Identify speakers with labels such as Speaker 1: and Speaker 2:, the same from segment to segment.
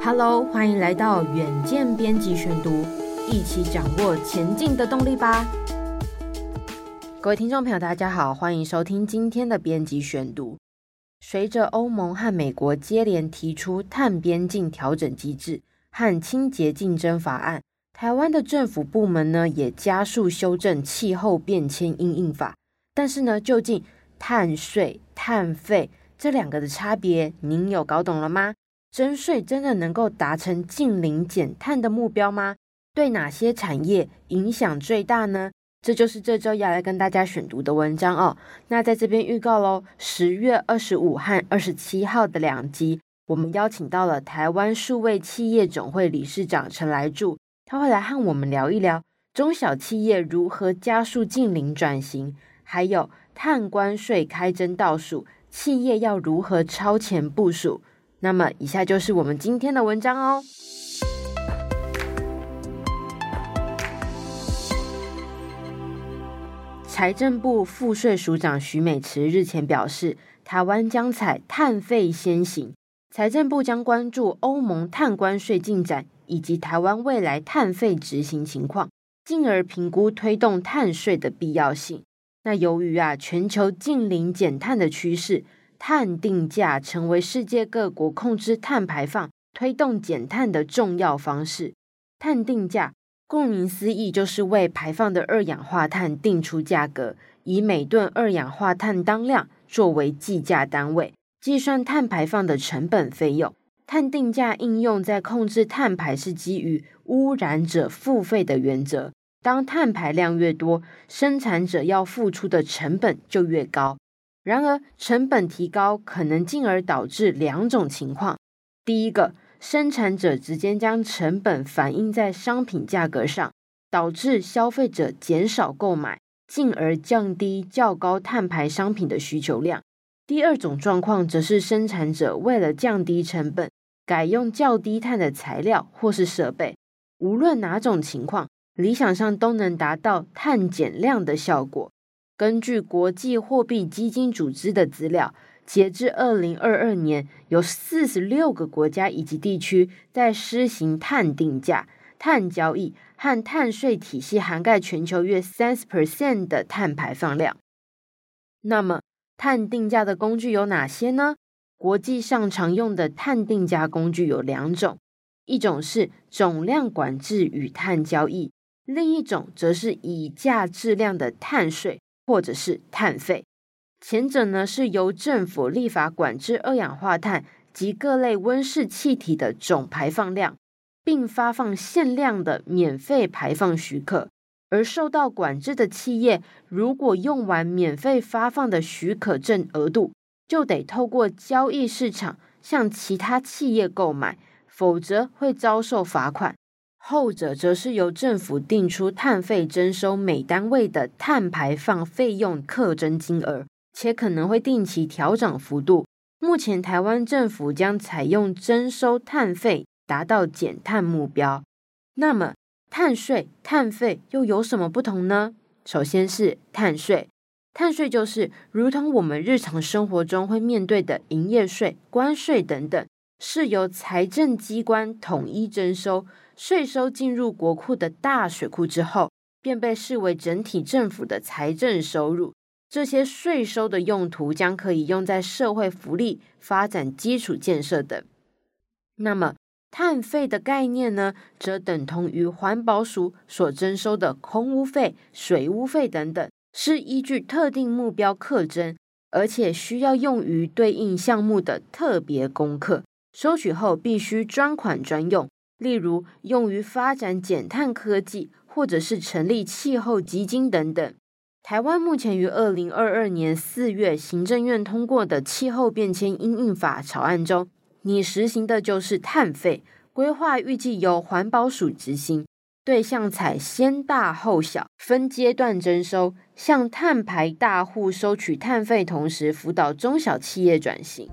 Speaker 1: 哈嘍，Hello, 歡迎來到遠見編輯選讀，一起掌握前進的動力吧。各位聽眾朋友，大家好，歡迎收聽今天的編輯選讀。隨着歐盟和美國接連提出碳邊境調整機制和清潔競爭法案，台灣的政府部門呢，也加速修正氣候變遷因應法。但是呢，究竟碳稅、碳費這兩個的差別，您有搞懂了嗎？徵稅真的能夠達成淨零減碳的目標嗎？對哪些產業影響最大呢？這就是這周要來跟大家選讀的文章哦。那在這邊預告嘍，十月二十五和二十七號的兩集，我們邀請到了台灣數位企業總會理事長陳來助，他會來和我們聊一聊中小企業如何加速淨零轉型，還有碳關稅開徵倒數，企業要如何超前部署。那麼，以下就是我們今天的文章哦。財政部賦稅署長徐美池日前表示，台灣將採碳費先行，財政部將關注歐盟碳關稅進展以及台灣未來碳費執行情況，進而評估推動碳稅的必要性。那由於啊，全球淨零減碳的趨勢。碳定價成為世界各國控制碳排放、推動減碳的重要方式。碳定價顧名思義，就是為排放的二氧化碳定出價格，以每噸二氧化碳當量作為計價單位，計算碳排放的成本費用。碳定價應用在控制碳排，是基於污染者付費的原則。當碳排量越多，生產者要付出的成本就越高。然而，成本提高可能進而導致兩種情況：第一個，生產者直接將成本反映在商品價格上，導致消費者減少購買，進而降低較高碳排商品的需求量；第二種狀況則是生產者為了降低成本，改用較低碳的材料或是設備。無論哪種情況，理想上都能達到碳減量的效果。根據國際貨幣基金組織的資料，截至二零二二年，有四十六個國家以及地區在施行碳定價、碳交易和碳稅體系，涵蓋全球約三十 percent 的碳排放量。那麼，碳定價的工具有哪些呢？國際上常用的碳定價工具有兩種，一種是總量管制與碳交易，另一種則是以價制量的碳稅。或者是碳費，前者呢是由政府立法管制二氧化碳及各類溫室氣體的總排放量，並發放限量的免費排放許可。而受到管制的企業，如果用完免費發放的許可證額度，就得透過交易市場向其他企業購買，否則會遭受罰款。後者則是由政府定出碳費徵收每單位的碳排放費用課徵金額，且可能會定期調整幅度。目前台灣政府將採用徵收碳費，達到減碳目標。那麼，碳稅、碳費又有什麼不同呢？首先是碳稅，碳稅就是如同我們日常生活中會面對的營業稅、關稅等等，是由財政機關統一徵收。稅收進入國庫的大水庫之後，便被視為整體政府的財政收入。這些稅收的用途將可以用在社會福利、發展基礎建設等。那麼，碳費的概念呢，則等同於環保署所徵收的空污費、水污費等等，是依據特定目標課徵，而且需要用於對應項目的特別公課。收取後必須專款專用。例如用於發展減碳科技，或者是成立氣候基金等等。台灣目前於二零二二年四月行政院通過的氣候變遷因應法草案中，擬實行的就是碳費規劃，預計由環保署執行，對象採先大後小，分階段徵收，向碳排大戶收取碳費，同時輔導中小企業轉型。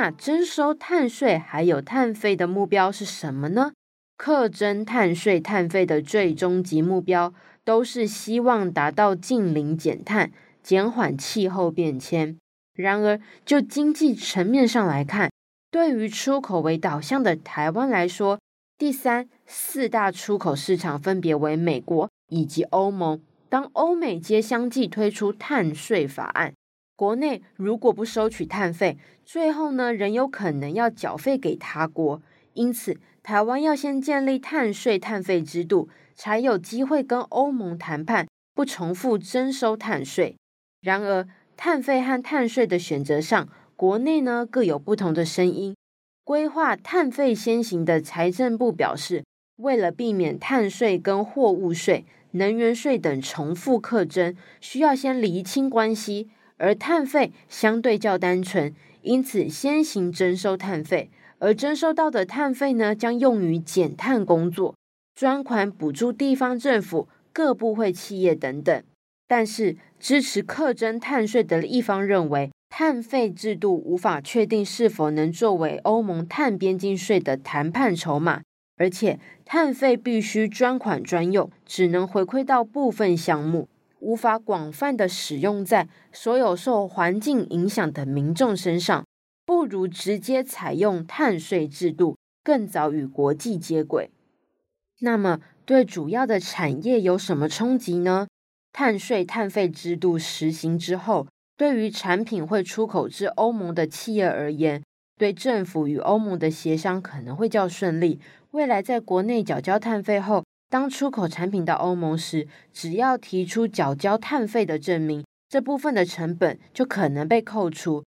Speaker 1: 那徵收碳稅還有碳費的目標是什麼呢？課徵碳稅、碳費的最終極目標都是希望達到淨零減碳，減緩氣候變遷。然而，就經濟層面上來看，對於出口為導向的台灣來說，第三、四大出口市場分別為美國以及歐盟。當歐美皆相繼推出碳稅法案。國內如果不收取碳費，最後呢仍有可能要繳費給他國。因此，台灣要先建立碳稅碳費制度，才有機會跟歐盟談判，不重複徵收碳稅。然而，碳費和碳稅的選擇上，國內呢各有不同的聲音。規劃碳費先行的財政部表示，為了避免碳稅跟貨物稅、能源稅等重複課徵，需要先釐清關係。而碳費相對較單純，因此先行徵收碳費，而徵收到的碳費呢，將用於減碳工作，專款補助地方政府、各部會、企業等等。但是支持課徵碳稅的一方認為，碳費制度無法確定是否能作為歐盟碳邊境稅的談判籌碼，而且碳費必須專款專用，只能回饋到部分項目。無法廣泛地使用在所有受環境影響的民眾身上，不如直接採用碳稅制度，更早與國際接軌。那麼對主要的產業有什麼衝擊呢？碳稅碳費制度實行之後，對於產品會出口至歐盟的企業而言，對政府與歐盟的協商可能會較順利。未來在國內繳交碳費後。當出口產品到歐盟時，只要提出繳交碳費的證明，這部分的成本就可能被扣除，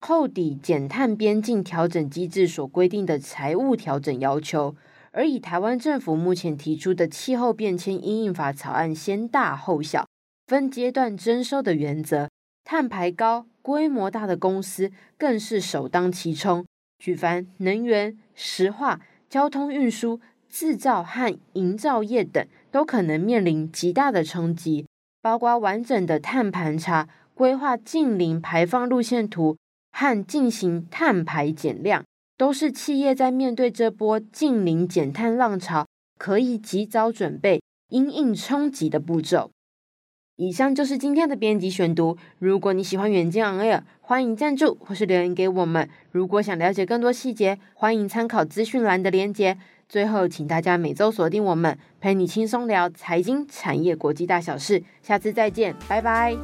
Speaker 1: 扣抵減碳邊境調整機制所規定的財務調整要求。而以台灣政府目前提出的氣候變遷因應法草案，先大後小、分階段徵收的原則，碳排高、規模大的公司更是首當其衝。舉凡能源、石化、交通運輸。製造和營造業等都可能面臨極大的衝擊，包括完整的碳盤查、規劃淨零排放路線圖和進行碳排減量，都是企業在面對這波淨零減碳浪潮可以及早準備因應衝擊的步驟。以上就是今天的編輯選讀。如果你喜歡遠見 Air，歡迎贊助或是留言給我們。如果想了解更多細節，歡迎參考資訊欄的連結。最後，請大家每周鎖定我們，陪你輕鬆聊財經、產業、國際大小事。下次再見，拜拜。